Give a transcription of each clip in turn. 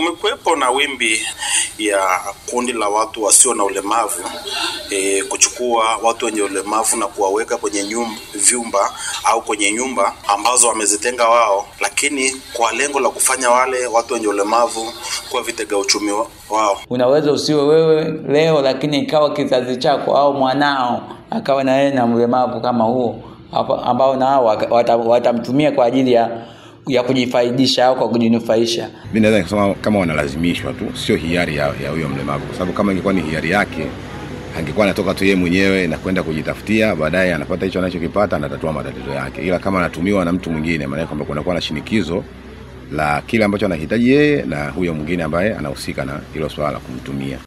Kumekuwepo na wimbi ya kundi la watu wasio na ulemavu e, kuchukua watu wenye ulemavu na kuwaweka kwenye nyumba, vyumba au kwenye nyumba ambazo wamezitenga wao, lakini kwa lengo la kufanya wale watu wenye ulemavu kuwa vitega uchumi wao. Unaweza usiwe wewe leo, lakini ikawa kizazi chako au mwanao akawa na yeye na mlemavu kama huo ambao nao watamtumia wata kwa ajili ya ya kujifaidisha au kwa kujinufaisha. Mimi naweza kusema kama wanalazimishwa tu, sio hiari ya huyo mlemavu, kwa sababu kama ingekuwa ni hiari yake angekuwa anatoka tu yeye mwenyewe na kwenda kujitafutia, baadaye anapata hicho anachokipata, anatatua matatizo yake. Ila kama anatumiwa na mtu mwingine, maana kwamba kunakuwa na shinikizo la kile ambacho anahitaji yeye na huyo mwingine ambaye anahusika na hilo swala la kumtumia.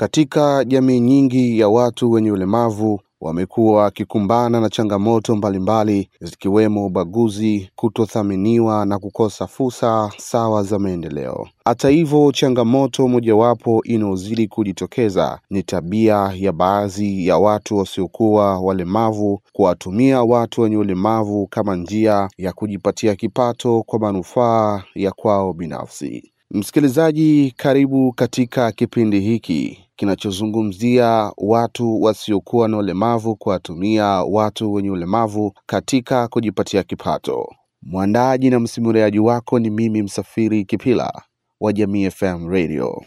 Katika jamii nyingi ya watu wenye ulemavu wamekuwa wakikumbana na changamoto mbalimbali zikiwemo ubaguzi, kutothaminiwa na kukosa fursa sawa za maendeleo. Hata hivyo, changamoto mojawapo inayozidi kujitokeza ni tabia ya baadhi ya watu wasiokuwa walemavu kuwatumia watu wenye ulemavu kama njia ya kujipatia kipato kwa manufaa ya kwao binafsi. Msikilizaji, karibu katika kipindi hiki kinachozungumzia watu wasiokuwa na ulemavu kuwatumia watu wenye ulemavu katika kujipatia kipato. Mwandaaji na msimuliaji wako ni mimi Msafiri Kipila wa Jamii FM Radio.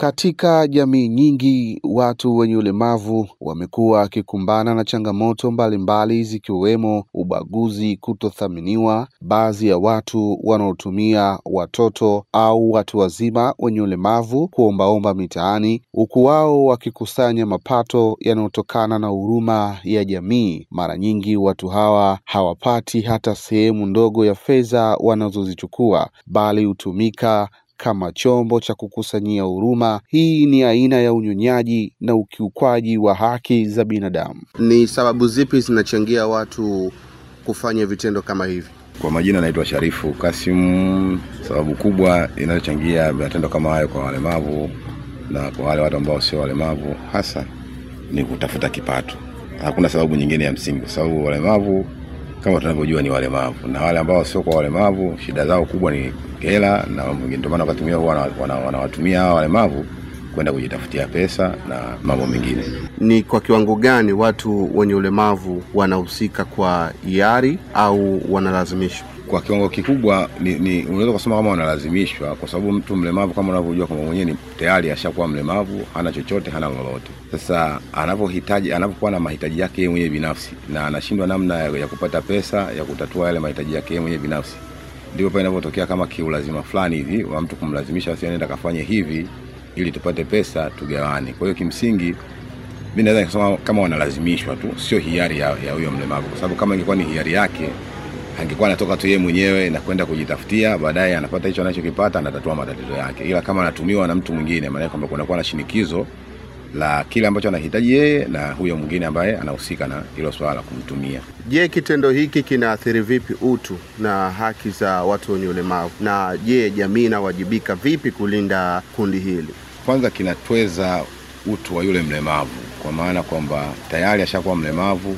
Katika jamii nyingi watu wenye ulemavu wamekuwa wakikumbana na changamoto mbalimbali zikiwemo ubaguzi, kutothaminiwa. Baadhi ya watu wanaotumia watoto au watu wazima wenye ulemavu kuombaomba mitaani, huku wao wakikusanya mapato yanayotokana na huruma ya jamii. Mara nyingi watu hawa hawapati hata sehemu ndogo ya fedha wanazozichukua, bali hutumika kama chombo cha kukusanyia huruma. Hii ni aina ya unyonyaji na ukiukwaji wa haki za binadamu. Ni sababu zipi zinachangia watu kufanya vitendo kama hivi? Kwa majina naitwa Sharifu Kasim. Sababu kubwa inayochangia matendo kama hayo kwa walemavu na kwa wale watu ambao sio walemavu hasa ni kutafuta kipato. Hakuna sababu nyingine ya msingi, kwa sababu walemavu kama tunavyojua ni walemavu, na wale ambao sio kwa walemavu, shida zao kubwa ni hela, na ndio maana wakatumia huwa wanawatumia hawa walemavu kwenda kujitafutia pesa na mambo mengine. Ni kwa kiwango gani watu wenye ulemavu wanahusika kwa hiari au wanalazimishwa? Kwa kiwango kikubwa ni, ni unaweza kusema kama wanalazimishwa, kwa sababu mtu mlemavu kama unavyojua kama mwenyewe ni tayari ashakuwa mlemavu, hana chochote, hana lolote. Sasa anapohitaji anapokuwa na mahitaji yake mwenyewe binafsi na anashindwa namna ya kupata pesa ya kutatua yale mahitaji yake mwenyewe binafsi ndipo pale inapotokea kama kiulazima fulani hivi wa mtu kumlazimisha basi anaenda kafanye hivi ili tupate pesa tugawane. Kwa hiyo kimsingi mimi naweza nikasema kama wanalazimishwa tu, sio hiari ya huyo mlemavu, kwa sababu kama ingekuwa ni hiari yake angekuwa anatoka tu yeye mwenyewe na kwenda kujitafutia, baadaye anapata hicho anachokipata, anatatua matatizo yake. Ila kama anatumiwa na mtu mwingine, maana kwamba kunakuwa na shinikizo la kile ambacho anahitaji yeye na huyo mwingine ambaye anahusika na hilo swala la kumtumia. Je, kitendo hiki kinaathiri vipi utu na haki za watu wenye ulemavu, na je, jamii inawajibika vipi kulinda kundi hili? Kwanza kinatweza utu wa yule mlemavu, kwa maana kwamba tayari ashakuwa mlemavu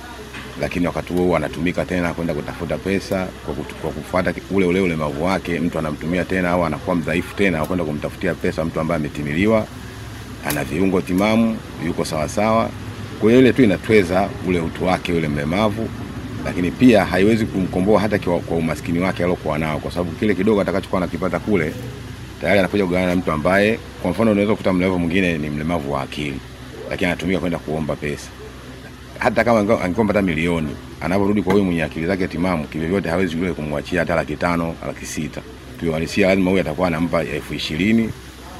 lakini wakati huo anatumika tena kwenda kutafuta pesa kwa, kutu, kwa kufuata ule ule ulemavu wake, mtu anamtumia tena au anakuwa mdhaifu tena au kwenda kumtafutia pesa mtu ambaye ametimiliwa ana viungo timamu, yuko sawasawa. Kwa hiyo ile tu inatweza ule utu wake ule mlemavu, lakini pia haiwezi kumkomboa hata kwa, kwa umaskini wake aliokuwa nao, kwa sababu kile kidogo atakachokuwa anakipata kule tayari anakuja kugawana na mtu ambaye, kwa mfano, unaweza kukuta mlemavu mwingine ni mlemavu wa akili, lakini anatumia kwenda kuomba pesa. Hata kama angekomba hata milioni, anaporudi kwa huyu mwenye akili zake timamu, kivyovyote hawezi yule kumwachia hata laki tano, laki sita. Kiuhalisia lazima huyu atakuwa anampa elfu ishirini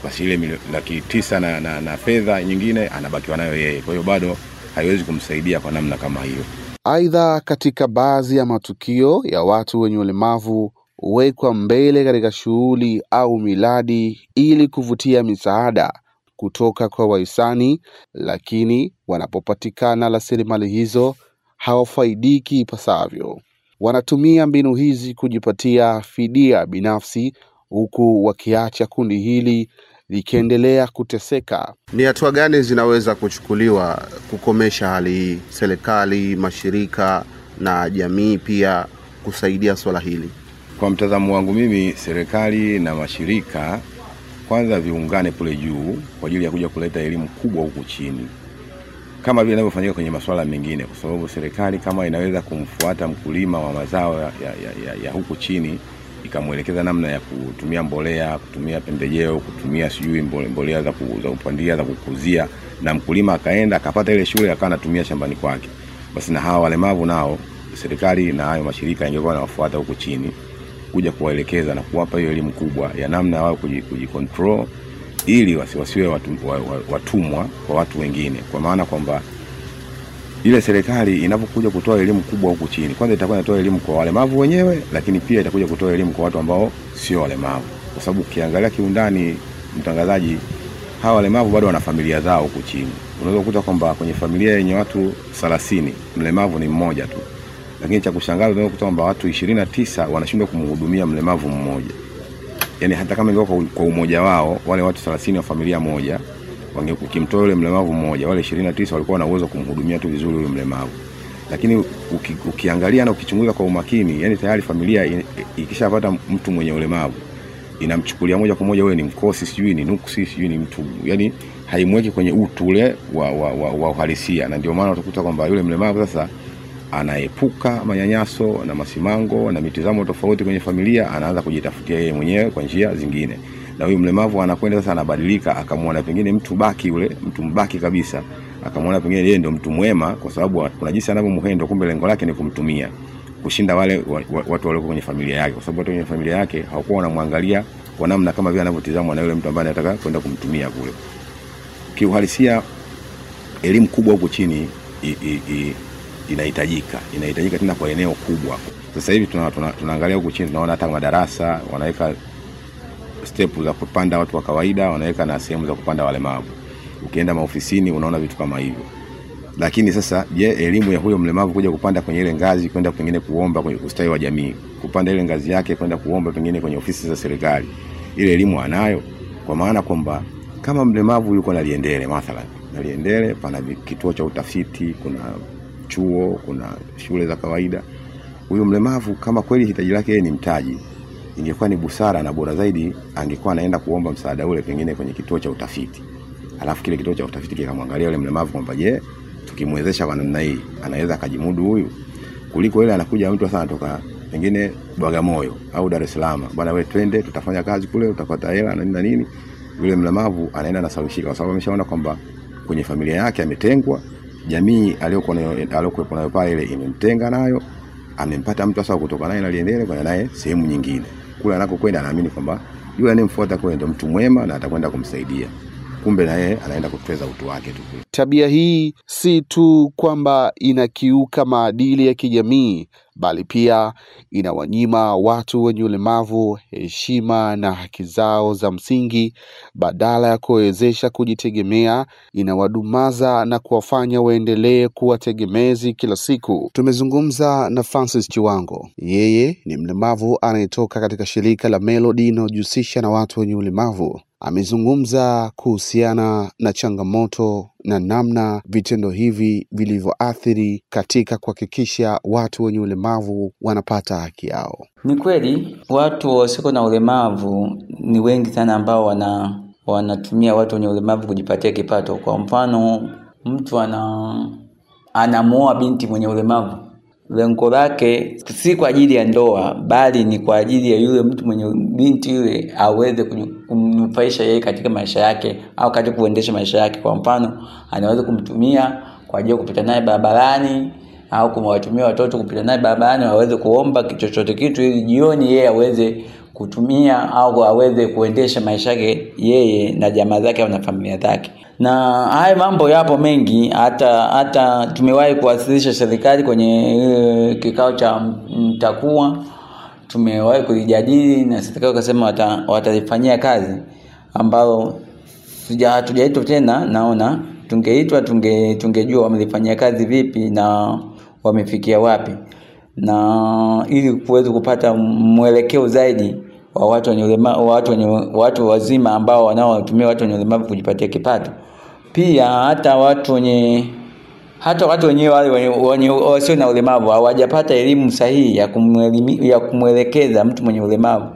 basi ile laki tisa na, na, na fedha nyingine anabakiwa nayo yeye, kwa hiyo bado haiwezi kumsaidia kwa namna kama hiyo. Aidha, katika baadhi ya matukio ya watu wenye ulemavu huwekwa mbele katika shughuli au miradi ili kuvutia misaada kutoka kwa wahisani, lakini wanapopatikana rasilimali hizo hawafaidiki ipasavyo. Wanatumia mbinu hizi kujipatia fidia binafsi, huku wakiacha kundi hili likiendelea kuteseka. Ni hatua gani zinaweza kuchukuliwa kukomesha hali hii, serikali, mashirika na jamii pia kusaidia swala hili? Kwa mtazamo wangu mimi, serikali na mashirika kwanza viungane kule juu kwa ajili ya kuja kuleta elimu kubwa huku chini, kama vile inavyofanyika kwenye masuala mengine, kwa sababu serikali kama inaweza kumfuata mkulima wa mazao ya, ya, ya, ya huku chini ikamwelekeza namna ya kutumia mbolea, kutumia pembejeo, kutumia sijui mbolea za, ku, za kupandia za kukuzia, na mkulima akaenda akapata ile shule akawa anatumia shambani kwake. Basi na hawa walemavu nao serikali na hayo mashirika yangekuwa nawafuata huko chini kuja kuwaelekeza na kuwapa hiyo elimu kubwa ya namna wao kujikontrol kuji ili wasiwasiwe watumwa kwa watu wengine, kwa maana kwamba ile serikali inapokuja kutoa elimu kubwa huku chini, kwanza itakuwa inatoa elimu kwa walemavu wenyewe, lakini pia itakuja kutoa elimu kwa watu ambao sio walemavu, kwa sababu ukiangalia kiundani, mtangazaji, hawa walemavu bado wana familia zao huku chini. Unaweza kukuta kwamba kwenye familia yenye watu thelathini mlemavu ni mmoja tu, lakini cha kushangaza unaweza kukuta kwamba watu ishirini na tisa wanashindwa kumhudumia mlemavu mmoja. Yani hata kama ingekuwa kwa umoja wao wale watu 30 wa familia moja ukimtoa yule mlemavu mmoja, wale 29 walikuwa na uwezo kumhudumia tu vizuri yule mlemavu. Lakini uki, ukiangalia na ukichunguza kwa umakini, yani tayari familia ikishapata mtu mwenye ulemavu inamchukulia moja kwa moja, wewe ni mkosi, sijui ni nuksi, sijui ni mtu, yani haimweki kwenye utu ule wa, wa, wa, wa uhalisia, na ndio maana utakuta kwamba yule mlemavu sasa anaepuka manyanyaso na masimango na mitizamo tofauti kwenye familia, anaanza kujitafutia yeye mwenyewe kwa njia zingine na huyu mlemavu anakwenda sasa, anabadilika, akamwona pengine mtu baki yule mtu mbaki kabisa, akamwona pengine yeye ndio mtu mwema, kwa sababu kuna jinsi anavyomhendo, kumbe lengo lake ni kumtumia kushinda wale watu waliokuwa kwenye familia yake, kwa sababu watu kwenye familia yake hawakuwa wanamwangalia kwa namna kama vile anavyotizamwa na yule mtu ambaye anataka kwenda kumtumia kule. Kiuhalisia, elimu kubwa huko chini inahitajika, inahitajika tena kwa eneo kubwa. Sasa hivi tunaangalia tuna, tuna huko chini tunaona hata madarasa wanaweka stepu za kupanda watu wa kawaida, wanaweka na sehemu za kupanda walemavu. Ukienda maofisini unaona vitu kama hivyo. Lakini sasa, je, elimu ya huyo mlemavu kuja kupanda kwenye ile ngazi kwenda pengine kuomba kwenye ustawi wa jamii, kupanda ile ngazi yake kwenda kuomba pengine kwenye ofisi za serikali, ile elimu anayo? Kwa maana kwamba kama mlemavu yuko Naliendele mathalan, Naliendele pana kituo cha utafiti, kuna chuo, kuna shule za kawaida. Huyo mlemavu kama kweli hitaji lake ni mtaji ingekuwa ni busara na bora zaidi angekuwa anaenda kuomba msaada ule pengine kwenye kituo cha utafiti alafu kile kituo cha utafiti kikamwangalia yule mlemavu kwamba je tukimwezesha kwa namna hii anaweza akajimudu huyu kuliko ile anakuja mtu sana toka pengine Bagamoyo au dar es salaam bwana wewe twende tutafanya kazi kule utapata hela na nini na nini yule mlemavu anaenda na anasawishika kwa sababu ameshaona kwamba kwenye familia yake ametengwa jamii aliyokuwa nayo aliyokuwa nayo pale ile imemtenga nayo amempata mtu sasa kutoka naye na naliendele kwenda naye sehemu nyingine kule anakokwenda anaamini kwamba yule anayemfuata kule ndio mtu mwema na atakwenda kumsaidia kumbe na yeye anaenda kutweza utu wake tu. Tabia hii si tu kwamba inakiuka maadili ya kijamii, bali pia inawanyima watu wenye ulemavu heshima na haki zao za msingi. Badala ya kuwawezesha kujitegemea, inawadumaza na kuwafanya waendelee kuwa tegemezi kila siku. Tumezungumza na Francis Chiwango, yeye ni mlemavu anayetoka katika shirika la Melody inayojihusisha na watu wenye ulemavu. Amezungumza kuhusiana na changamoto na namna vitendo hivi vilivyoathiri katika kuhakikisha watu wenye ulemavu wanapata haki yao. Ni kweli watu wasiko na ulemavu ni wengi sana ambao wana wanatumia watu wenye ulemavu kujipatia kipato. Kwa mfano, mtu ana anamwoa binti mwenye ulemavu, lengo lake si kwa ajili ya ndoa, bali ni kwa ajili ya yule mtu mwenye binti yule aweze kum kumnufaisha yeye katika maisha yake au katika kuendesha maisha yake kwa mfano anaweza kumtumia kwa ajili ya kupita naye barabarani au kumwatumia watoto kupita naye barabarani waweze kuomba chochote kitu ili jioni yeye aweze kutumia au aweze kuendesha maisha yake yeye na jamaa zake au na familia zake na haya mambo yapo mengi hata hata tumewahi kuwasilisha serikali kwenye uh, kikao cha mtakuwa tumewahi kulijadili na serikali wakasema watalifanyia wata kazi ambalo hatujaitwa tena, naona tungeitwa tunge, tungejua wamelifanyia kazi vipi na wamefikia wapi, na ili kuweza kupata mwelekeo zaidi wa watu wenye watu wenye watu wazima ambao wanaotumia watu wenye ulemavu kujipatia kipato. Pia hata watu wenye hata watu wenyewe wale wenye wasio na ulemavu hawajapata elimu sahihi ya kumwelekeza mtu mwenye ulemavu.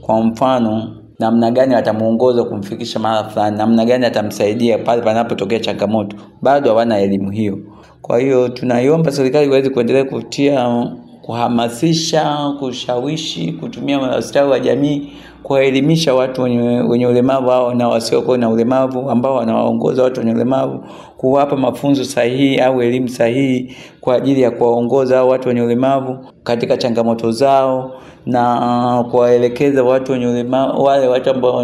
Kwa mfano namna gani atamuongoza kumfikisha mahala fulani namna gani atamsaidia pale panapotokea changamoto bado hawana elimu hiyo kwa hiyo tunaiomba serikali iweze kuendelea kutia kuhamasisha kushawishi kutumia wastawi wa jamii kuwaelimisha watu wenye, wenye ulemavu ao na wasiokuwa na ulemavu ambao wanawaongoza watu wenye ulemavu kuwapa mafunzo sahihi au elimu sahihi kwa ajili ya kuwaongoza au watu wenye ulemavu katika changamoto zao na kuwaelekeza watu wenye ulemavu, wale watu ambao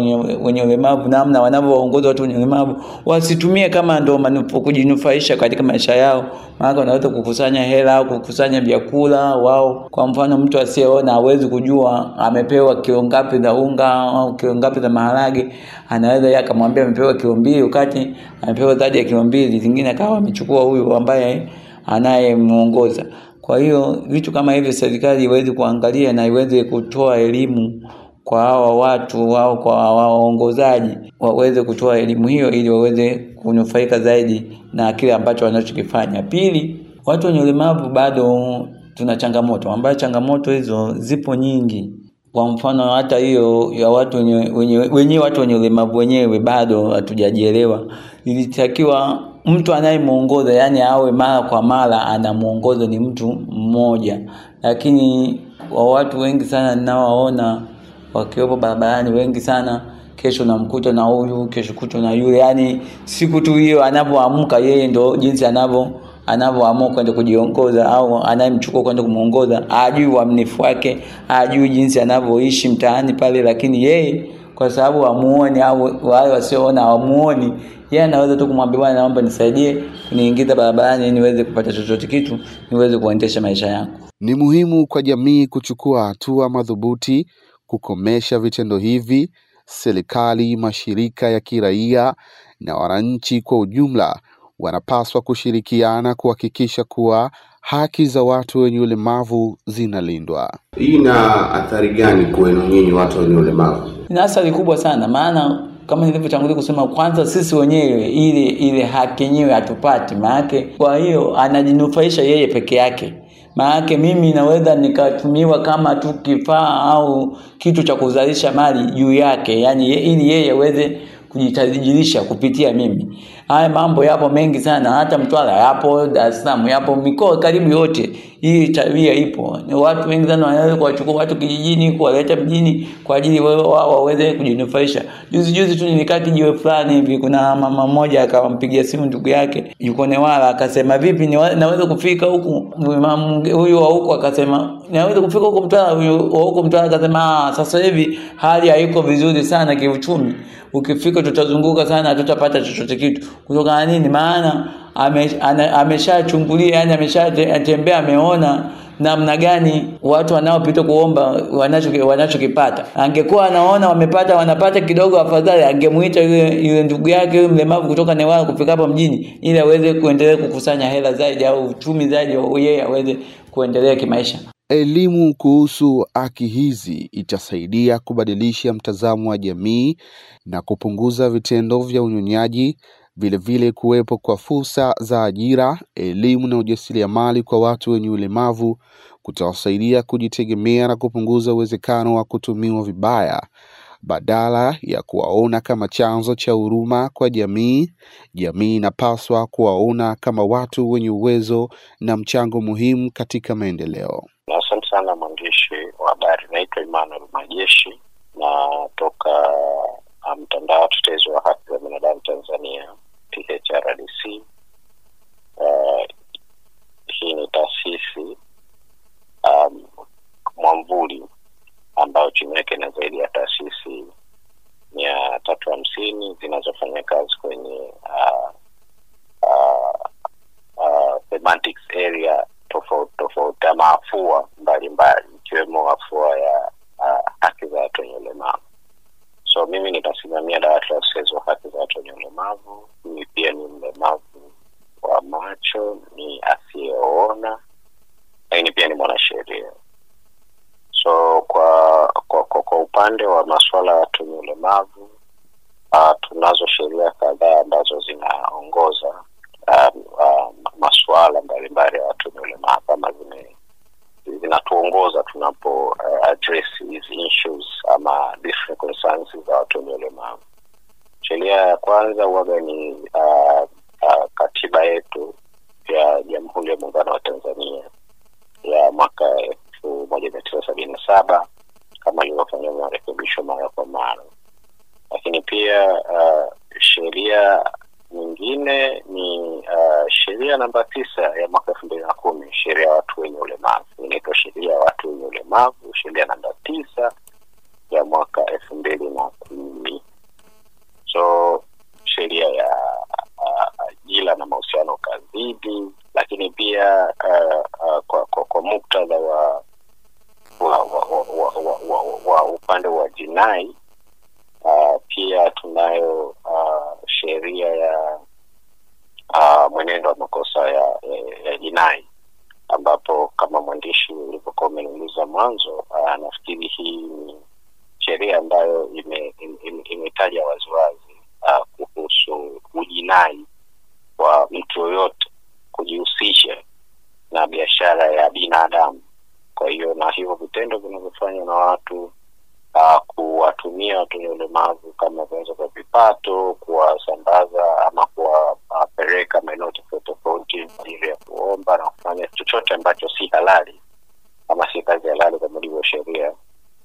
wenye ulemavu namna wanavyowaongoza watu wenye ulemavu, wasitumie kama manufu, kujinufaisha katika maisha yao, maana wanaweza kukusanya hela au kukusanya vyakula wao. Kwa mfano, mtu asiyeona hawezi kujua amepewa kilo ngapi za unga au kilo ngapi za maharage anaweza yeye akamwambia amepewa kilo mbili wakati amepewa zaidi ya kilo mbili zingine akawa amechukua huyu ambaye anayemuongoza kwa hiyo vitu kama hivyo serikali iweze kuangalia na iweze kutoa elimu kwa hawa watu au kwa waongozaji waweze kutoa elimu hiyo ili waweze kunufaika zaidi na kile ambacho wanachokifanya. Pili, watu wenye ulemavu bado tuna changamoto ambayo changamoto hizo zipo nyingi kwa mfano hata hiyo ya watu wenyewe watu wenye ulemavu wenyewe bado hatujajielewa ilitakiwa mtu anayemwongoza yani awe mara kwa mara anamwongoza ni mtu mmoja lakini wa watu wengi sana ninawaona wakiwepo barabarani wengi sana kesho namkuta na huyu kesho kuta na yule yani siku tu hiyo anavyoamka yeye ndo jinsi anavyo anavyoamua kwenda kujiongoza au anayemchukua kwenda kumuongoza ajui uaminifu wake ajui jinsi anavyoishi mtaani pale lakini yeye kwa sababu wamuoni au wale wasioona awamuoni yeye anaweza tu kumwambia bwana naomba nisaidie kuniingiza barabarani niweze kupata chochote kitu niweze kuendesha maisha yangu ni muhimu kwa jamii kuchukua hatua madhubuti kukomesha vitendo hivi serikali mashirika ya kiraia na wananchi kwa ujumla wanapaswa kushirikiana kuhakikisha kuwa haki za watu wenye ulemavu zinalindwa. Hii ina athari gani kwenu nyinyi watu wenye ulemavu? Ina athari kubwa sana, maana kama nilivyotangulia kusema, kwanza sisi wenyewe ile ile haki yenyewe hatupati, maanake kwa hiyo anajinufaisha yeye peke yake maanake mimi naweza nikatumiwa kama tu kifaa au kitu cha kuzalisha mali juu yake, yani ili yeye aweze kujitajirisha kupitia mimi. Haya mambo yapo mengi sana, hata mtwala yapo, Dar es Salaam yapo, mikoa karibu yote hii tabia ipo, ni watu wengi sana wanaweza kuwachukua watu kijijini kuwaleta mjini kwa ajili wao waweze kujinufaisha. Juzi juzi tu nilikaa kijiwe fulani hivi, kuna mama mmoja akampigia simu ndugu yake yuko Newala, akasema vipi, naweza kufika huku? Huyu wa huku akasema naweza kufika huko Mtwara. Huyu wa huku Mtwara akasema ah, sasa hivi hali haiko vizuri sana kiuchumi, ukifika tutazunguka sana, tutapata chochote kitu. Kutokana nini? maana ameshachungulia yani ameshatembea ameona namna gani watu wanaopita kuomba wanacho wanachokipata. Angekuwa anaona wamepata wanapata kidogo, afadhali angemuita yule yule ndugu yake yule mlemavu kutoka newa kufika hapa mjini, ili aweze kuendelea kukusanya hela zaidi au uchumi zaidi, yeye aweze kuendelea kimaisha. Elimu kuhusu haki hizi itasaidia kubadilisha mtazamo wa jamii na kupunguza vitendo vya unyonyaji vilevile kuwepo kwa fursa za ajira, elimu na ujasiriamali kwa watu wenye ulemavu kutawasaidia kujitegemea na kupunguza uwezekano wa kutumiwa vibaya badala ya kuwaona kama chanzo cha huruma kwa jamii. Jamii inapaswa kuwaona kama watu wenye uwezo na mchango muhimu katika maendeleo. Asante sana mwandishi wa habari, naitwa Emmanuel Majeshi, natoka ah, mtandao wa tetezi wa haki za binadamu Tanzania. macho, ni asiyeona, lakini pia ni mwanasheria. So kwa kwa, kwa, kwa upande wa masuala ya watu wenye ulemavu uh, tunazo sheria kadhaa ambazo zinaongoza uh, ah, uh, ah, masuala mbalimbali ya watu wenye ulemavu ama zinatuongoza tunapo uh, issues ama different concerns za watu wenye ulemavu. Sheria ya kwanza huwaga ni uh, sheria uh, sheria nyingine ni uh, sheria namba tisa ya mwaka elfu mbili na kumi sheria ya watu wenye ulemavu inaitwa sheria ya watu wenye ulemavu sheria namba tisa Uh, nafikiri hii ni sheria ambayo imetaja waziwazi uh, kuhusu ujinai wa mtu yoyote kujihusisha na biashara ya binadamu. Kwa hiyo na hivyo vitendo vinavyofanywa na watu uh, kuwatumia watu wenye ulemavu kama vyanzo vya vipato, kuwasambaza ama kuwapeleka maeneo tofauti tofauti kwa ajili ya kuomba na kufanya chochote ambacho si halali ama si kazi halali sheria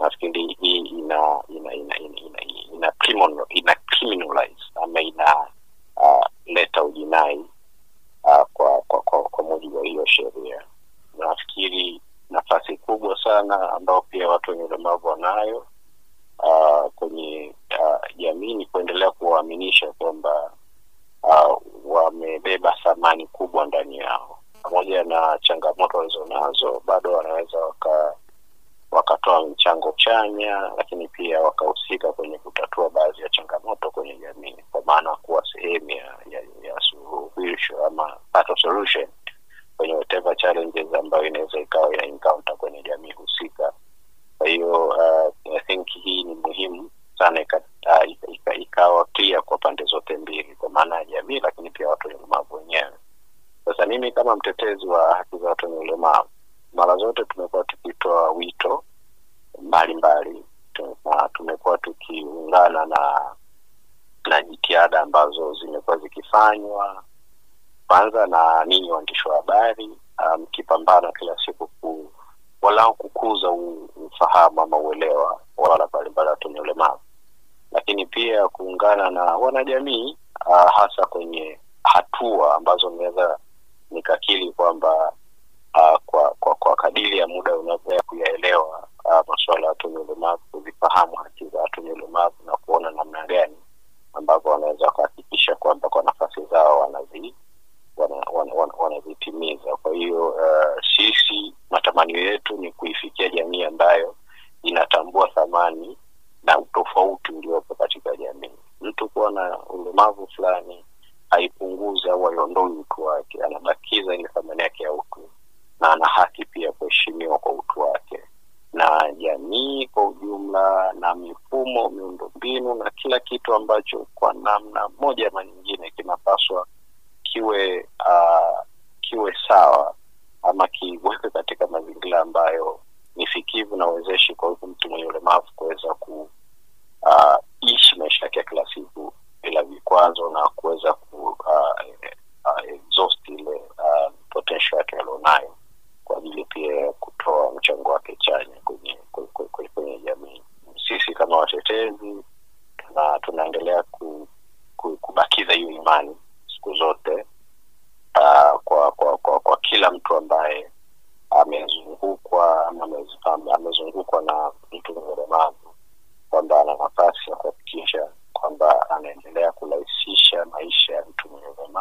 nafikiri hii ina ina ina ina ina, ina, ina, ina criminalize ama ina uh, leta ujinai uh, kwa, kwa, kwa, kwa mujibu wa hiyo sheria nafikiri nafasi kubwa sana ambao pia watu wenye ulemavu wanayo mimi kama mtetezi wa haki za watu wenye ulemavu, mara zote tumekuwa tukitoa wito mbalimbali na tumekuwa tukiungana na na jitihada ambazo zimekuwa zikifanywa kwanza na ninyi waandishi wa habari um, mkipambana um, kila siku ku, walau kukuza ufahamu ama uelewa wa wala mbalimbali watu wenye ulemavu, lakini pia kuungana na wanajamii uh, hasa kwenye hatua ambazo mnaweza nikakili kwamba uh, kwa, kwa kwa kadili ya muda unavyoea kuyaelewa uh, ah, masuala ya watu ulemavu kuzifahamu haki za watu ulemavu na kuona namna gani ambavyo wanaweza wakahakikisha kwamba kwa nafasi zao wanazi wanazitimiza kwa hiyo uh, sisi matamanio yetu ni kuifikia jamii ambayo ama kiweke katika mazingira ambayo ni fikivu na wezeshi kwa huyu mtu mwenye ulemavu kuweza kuishi ah, uh, maisha yake ya kila siku bila vikwazo na kuweza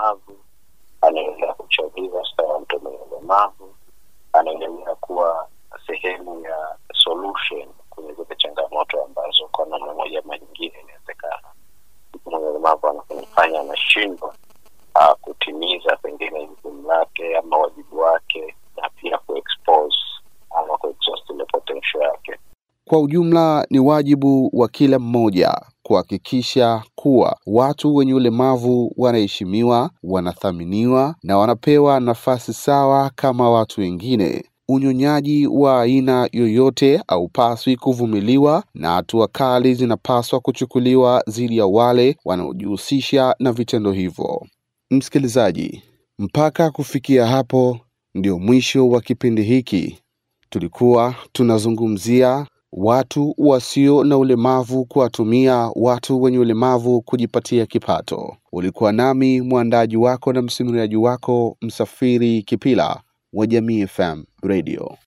mlemavu anaendelea kuchagiza sana mtu mwenye ulemavu, anaendelea kuwa sehemu ya solution kwenye zile changamoto ambazo kwa namna moja ama nyingine inawezekana mwenye ulemavu anafanya anashindwa uh, kutimiza pengine jukumu lake ama wajibu wake na pia kuexpose ama kuexhaust ile potential yake. Kwa ujumla, ni wajibu wa kila mmoja kuhakikisha kuwa watu wenye ulemavu wanaheshimiwa, wanathaminiwa na wanapewa nafasi sawa kama watu wengine. Unyonyaji wa aina yoyote haupaswi kuvumiliwa na hatua kali zinapaswa kuchukuliwa dhidi ya wale wanaojihusisha na vitendo hivyo. Msikilizaji, mpaka kufikia hapo ndio mwisho wa kipindi hiki. Tulikuwa tunazungumzia watu wasio na ulemavu kuwatumia watu wenye ulemavu kujipatia kipato. Ulikuwa nami mwandaji wako na msimuliaji wako Msafiri Kipila wa Jamii FM Radio.